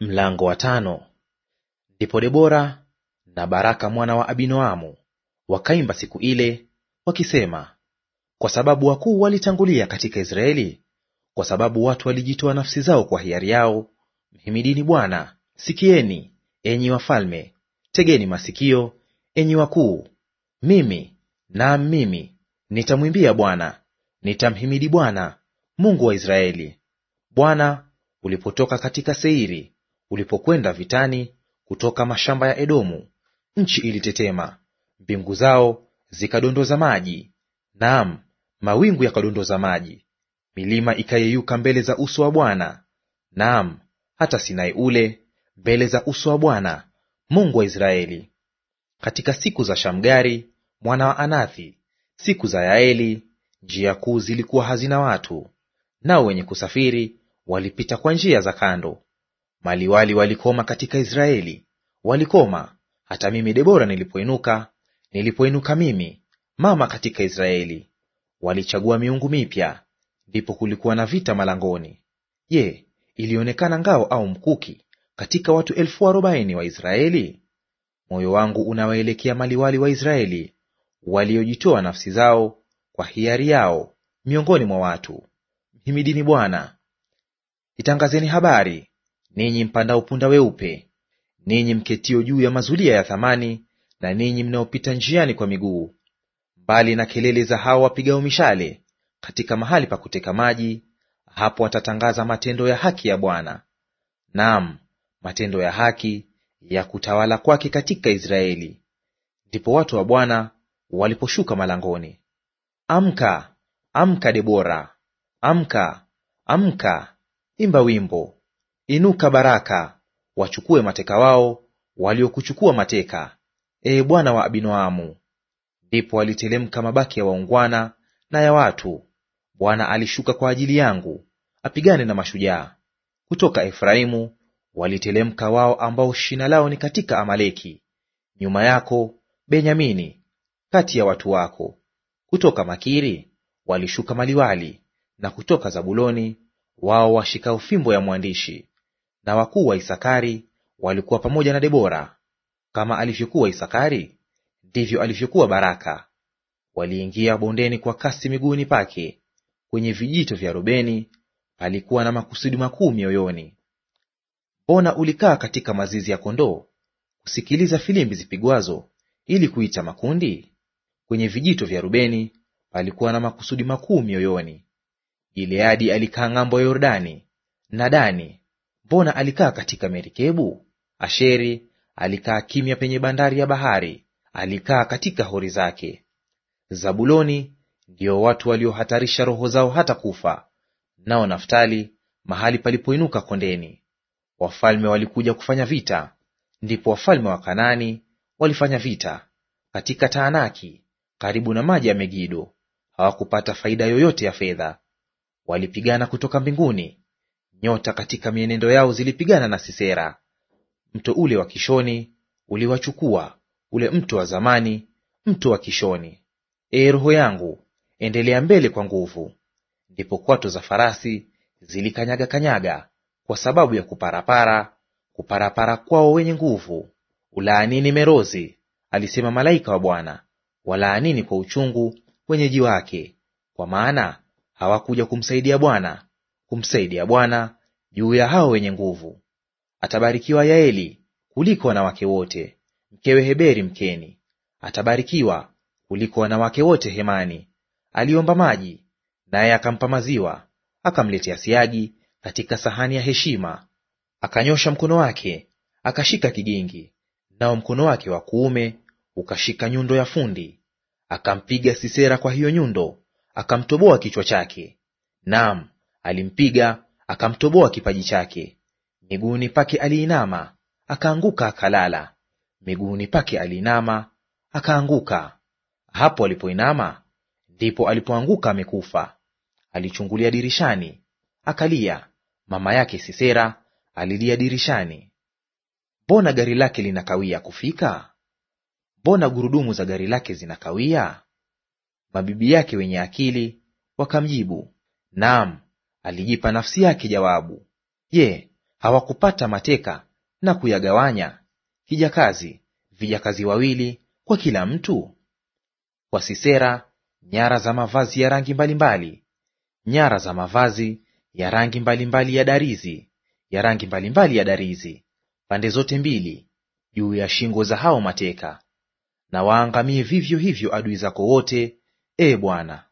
Mlango wa tano. Ndipo Debora na Baraka mwana wa Abinoamu wakaimba siku ile wakisema, kwa sababu wakuu walitangulia katika Israeli, kwa sababu watu walijitoa nafsi zao kwa hiari yao, mhimidini Bwana. Sikieni enyi wafalme, tegeni masikio enyi wakuu. Mimi naam, mimi nitamwimbia Bwana, nitamhimidi Bwana Mungu wa Israeli. Bwana ulipotoka katika Seiri ulipokwenda vitani kutoka mashamba ya Edomu, nchi ilitetema, mbingu zao zikadondoza maji, naam, mawingu yakadondoza maji. Milima ikayeyuka mbele za uso wa Bwana, naam, hata Sinai ule, mbele za uso wa Bwana Mungu wa Israeli. Katika siku za Shamgari mwana wa Anathi, siku za Yaeli, njia kuu zilikuwa hazina watu, nao wenye kusafiri walipita kwa njia za kando. Maliwali walikoma katika Israeli, walikoma hata mimi Debora nilipoinuka, nilipoinuka mimi mama katika Israeli. Walichagua miungu mipya, ndipo kulikuwa na vita malangoni. Je, ilionekana ngao au mkuki katika watu elfu arobaini wa Israeli? Moyo wangu unawaelekea maliwali wa Israeli waliojitoa nafsi zao kwa hiari yao miongoni mwa watu. Mhimidini Bwana. Itangazeni habari, ninyi mpandao punda weupe, ninyi mketio juu ya mazulia ya thamani, na ninyi mnaopita njiani kwa miguu, mbali na kelele za hao wapigao mishale katika mahali pa kuteka maji, hapo watatangaza matendo ya haki ya Bwana, naam, matendo ya haki ya kutawala kwake katika Israeli. Ndipo watu wa Bwana waliposhuka malangoni. Amka, amka Debora, amka, amka, imba wimbo Inuka baraka, wachukue mateka wao waliokuchukua mateka, ee Bwana wa Abinoamu. Ndipo aliteremka mabaki ya waungwana na ya watu. Bwana alishuka kwa ajili yangu, apigane na mashujaa. Kutoka Efraimu waliteremka wao ambao shina lao ni katika Amaleki, nyuma yako Benyamini, kati ya watu wako. Kutoka Makiri walishuka maliwali, na kutoka Zabuloni wao washikao fimbo ya mwandishi. Na wakuu wa Isakari walikuwa pamoja na Debora; kama alivyokuwa Isakari, ndivyo alivyokuwa Baraka. Waliingia bondeni kwa kasi miguuni pake, kwenye vijito vya Rubeni palikuwa na makusudi makuu mioyoni. Mbona ulikaa katika mazizi ya kondoo kusikiliza filimbi zipigwazo ili kuita makundi? Kwenye vijito vya Rubeni palikuwa na makusudi makuu mioyoni. Gileadi alikaa ng'ambo ya Yordani na Dani Mbona alikaa katika merikebu? Asheri alikaa kimya penye bandari ya bahari, alikaa katika hori zake. Zabuloni ndio watu waliohatarisha roho zao hata kufa, nao Naftali mahali palipoinuka kondeni. Wafalme walikuja kufanya vita, ndipo wafalme wa Kanaani walifanya vita katika Taanaki karibu na maji ya Megido. Hawakupata faida yoyote ya fedha. Walipigana kutoka mbinguni Nyota katika mienendo yao zilipigana na Sisera. Mto ule wa Kishoni uliwachukua, ule mto wa zamani, mto wa Kishoni. Ee roho yangu, endelea mbele kwa nguvu. Ndipo kwato za farasi zilikanyaga kanyaga kwa sababu ya kuparapara, kuparapara kwao wenye nguvu. Ulaanini Merozi, alisema malaika wa Bwana, walaanini kwa uchungu wenyeji wake, kwa maana hawakuja kumsaidia Bwana kumsaidia Bwana juu ya hao wenye nguvu. Atabarikiwa Yaeli kuliko wanawake wote, mkewe Heberi Mkeni. Atabarikiwa kuliko wanawake wote hemani. Aliomba maji, naye akampa maziwa, akamletea siagi katika sahani ya heshima. Akanyosha mkono wake akashika kigingi, nao mkono wake wa kuume ukashika nyundo ya fundi. Akampiga Sisera kwa hiyo nyundo, akamtoboa kichwa chake. Naam, Alimpiga akamtoboa kipaji chake, miguuni pake aliinama, akaanguka akalala, miguuni pake aliinama, akaanguka. Hapo alipoinama ndipo alipoanguka amekufa. Alichungulia dirishani akalia, mama yake Sisera alilia dirishani, mbona gari lake linakawia kufika? Mbona gurudumu za gari lake zinakawia? Mabibi yake wenye akili wakamjibu, naam alijipa nafsi yake jawabu, Je, hawakupata mateka na kuyagawanya kijakazi vijakazi wawili kwa kila mtu? Kwa Sisera nyara za mavazi ya rangi mbalimbali, nyara za mavazi ya rangi mbalimbali ya darizi, ya rangi mbalimbali ya darizi, pande zote mbili juu ya shingo za hao mateka. Na waangamie vivyo hivyo adui zako wote, e Bwana.